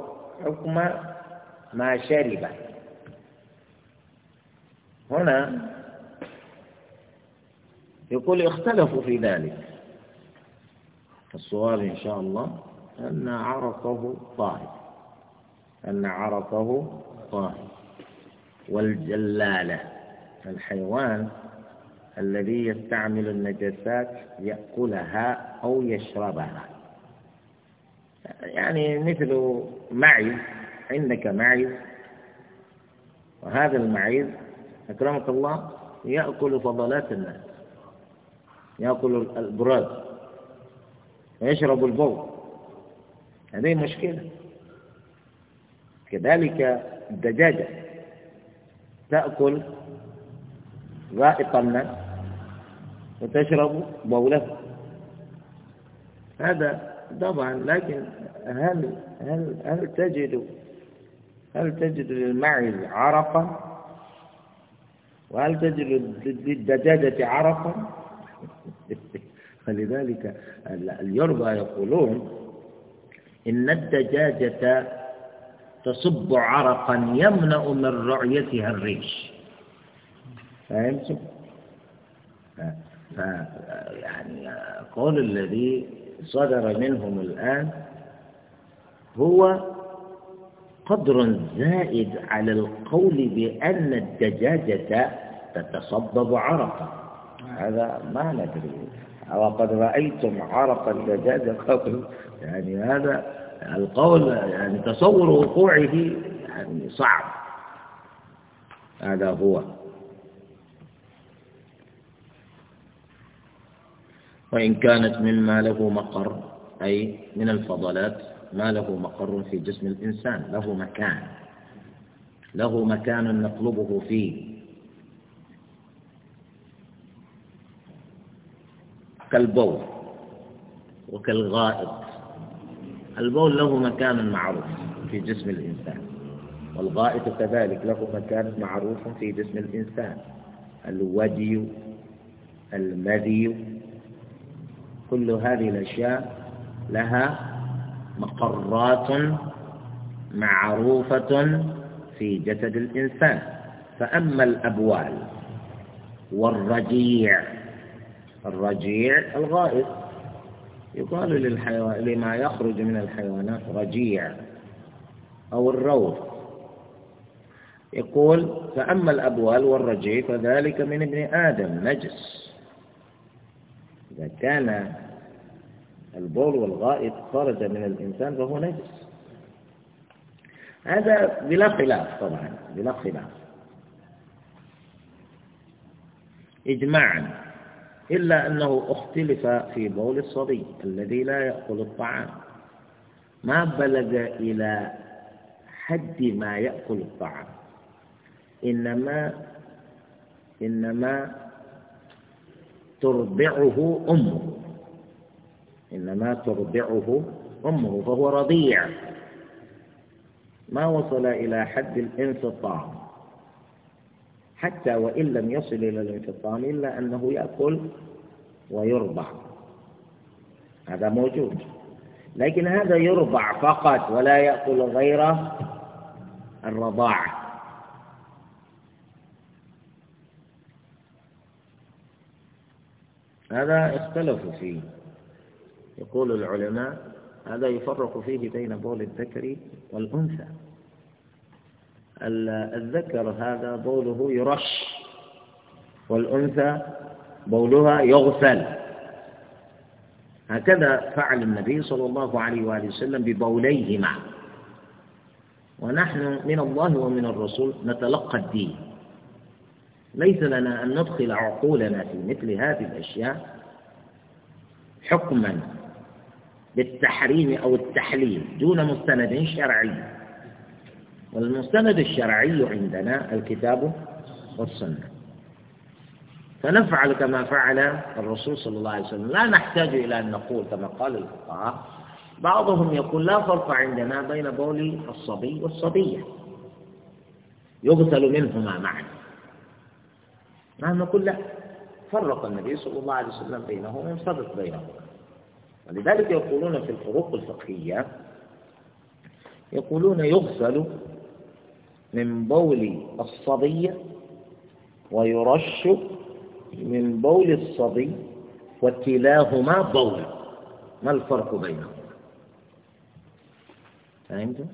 حكم ما شرب هنا يقول اختلفوا في ذلك السؤال إن شاء الله أن عرقه طاهر أن عرقه طاهر والجلالة الحيوان الذي يستعمل النجاسات يأكلها أو يشربها يعني مثل معز عندك معز وهذا المعيز أكرمك الله يأكل فضلات الناس يأكل البراد ويشرب البول هذه مشكلة كذلك الدجاجة تأكل غائط الماء وتشرب بوله هذا طبعا لكن هل هل هل تجد هل تجد للمعز عرقا وهل تجد للدجاجة عرقا [LAUGHS] فلذلك اليربى يقولون إن الدجاجة تصب عرقا يمنع من رعيتها الريش فهمت؟ ف يعني قول الذي صدر منهم الآن هو قدر زائد على القول بأن الدجاجة تتصبب عرقا هذا ما ندري وقد رأيتم عرق الدجاجة قبل يعني هذا القول يعني تصور وقوعه يعني صعب هذا هو وإن كانت مما له مقر أي من الفضلات ما له مقر في جسم الإنسان له مكان له مكان نطلبه فيه كالبول وكالغائط البول له مكان معروف في جسم الإنسان والغائط كذلك له مكان معروف في جسم الإنسان الودي المذي كل هذه الأشياء لها مقرات معروفة في جسد الإنسان فأما الأبوال والرجيع الرجيع الغائط يقال للحيوان لما يخرج من الحيوانات رجيع أو الروض يقول فأما الأبوال والرجيع فذلك من ابن آدم نجس إذا كان البول والغائط خرج من الإنسان فهو نجس هذا بلا خلاف طبعا بلا خلاف إجماعا إلا أنه اختلف في بول الصبي الذي لا يأكل الطعام ما بلغ إلى حد ما يأكل الطعام إنما إنما ترضعه أمه إنما ترضعه أمه فهو رضيع ما وصل إلى حد الانفطام حتى وإن لم يصل إلى الانفطام إلا أنه يأكل ويربع هذا موجود لكن هذا يربع فقط ولا يأكل غير الرضاعة هذا اختلفوا فيه يقول العلماء هذا يفرق فيه بين بول الذكر والأنثى الذكر هذا بوله يرش والأنثى بولها يغسل هكذا فعل النبي صلى الله عليه وآله وسلم ببوليهما ونحن من الله ومن الرسول نتلقى الدين ليس لنا أن ندخل عقولنا في مثل هذه الأشياء حكما بالتحريم أو التحليل دون مستند شرعي والمستند الشرعي عندنا الكتاب والسنة فنفعل كما فعل الرسول صلى الله عليه وسلم لا نحتاج إلى أن نقول كما قال الفقهاء بعضهم يقول لا فرق عندنا بين بول الصبي والصبية يغسل منهما معا نحن نقول لا فرق النبي صلى الله عليه وسلم بينهما وفرق بينهما ولذلك يقولون في الفروق الفقهية يقولون يغسل من بول الصبي ويرش من بول الصبي وكلاهما بول ما الفرق بينهما فهمتم؟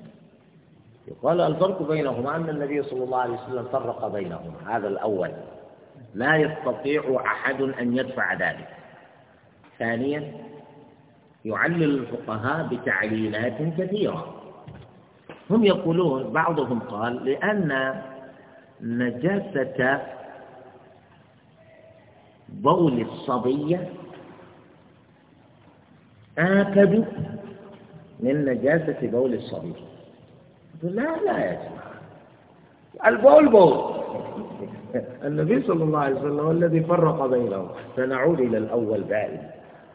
يقال الفرق بينهما أن النبي صلى الله عليه وسلم فرق بينهما هذا الأول لا يستطيع أحد أن يدفع ذلك ثانيا يعلل الفقهاء بتعليلات كثيرة هم يقولون بعضهم قال لأن نجاسة بول الصبية آكد من نجاسة بول الصبي لا لا يا جماعة البول بول [LAUGHS] النبي صلى الله عليه وسلم الذي فرق بينهم سنعود إلى الأول بعد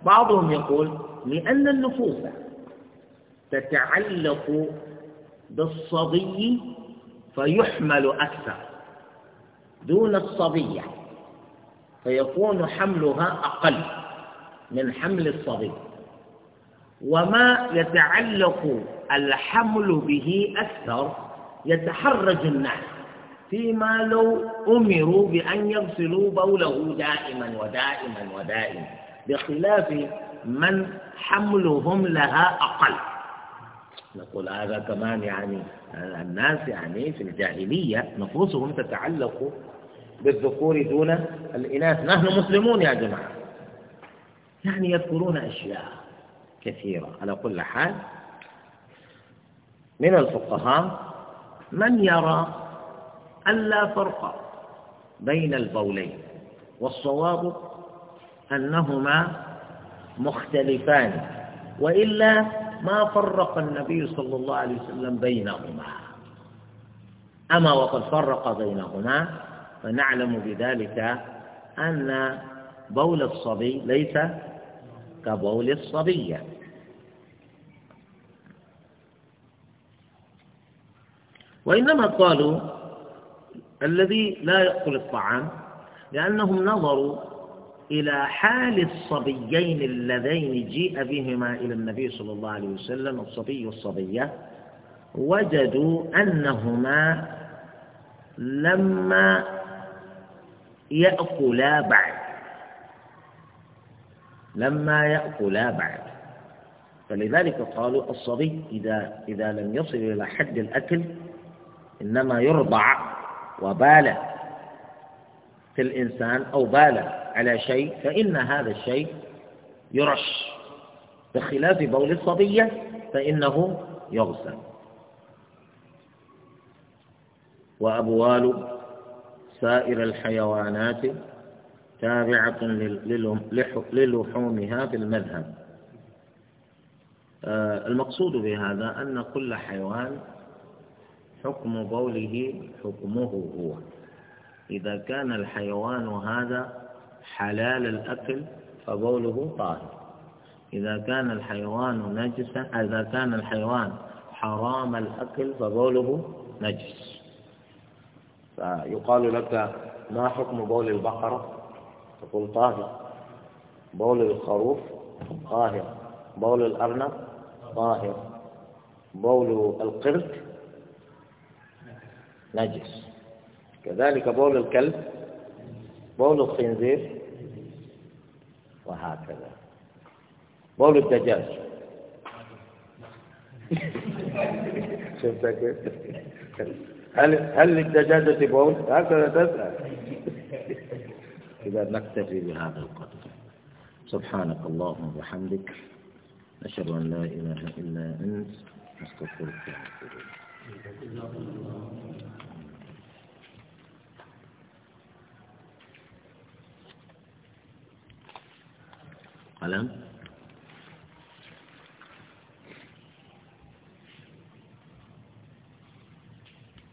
بعضهم يقول لأن النفوس تتعلق بالصبي فيحمل أكثر دون الصبية فيكون حملها أقل من حمل الصبي وما يتعلق الحمل به أكثر يتحرج الناس فيما لو أمروا بأن يغسلوا بوله دائما ودائما ودائما بخلاف من حملهم لها أقل نقول هذا كمان يعني آه، الناس يعني في الجاهلية نفوسهم تتعلق بالذكور دون الإناث نحن مسلمون يا جماعة يعني يذكرون أشياء كثيرة على كل حال من الفقهاء من يرى أن لا فرق بين البولين والصواب أنهما مختلفان وإلا ما فرق النبي صلى الله عليه وسلم بينهما أما وقد فرق بينهما فنعلم بذلك أن بول الصبي ليس كبول الصبية وإنما قالوا الذي لا يأكل الطعام لأنهم نظروا إلى حال الصبيين اللذين جيء بهما إلى النبي صلى الله عليه وسلم الصبي والصبية وجدوا أنهما لما يأكلا بعد لما يأكلا بعد فلذلك قالوا الصبي إذا إذا لم يصل إلى حد الأكل إنما يرضع وبال في الإنسان أو بال على شيء فإن هذا الشيء يرش بخلاف بول الصبية فإنه يغسل وأبوال سائر الحيوانات تابعة للحومها في المذهب آه، المقصود بهذا أن كل حيوان حكم بوله حكمه هو إذا كان الحيوان هذا حلال الأكل فبوله طاهر إذا كان الحيوان نجسا إذا كان الحيوان حرام الأكل فبوله نجس فيقال لك ما حكم بول البقرة تقول طاهر بول الخروف طاهر بول الأرنب طاهر بول القرد نجس كذلك بول الكلب بول الخنزير وهكذا بول الدجاج [LAUGHS] شفت كيف هل هل للدجاجة بول هكذا تسأل إذا نكتفي بهذا القدر سبحانك اللهم وبحمدك أشهد أن لا إله إلا أنت أستغفرك ونتوب 好了。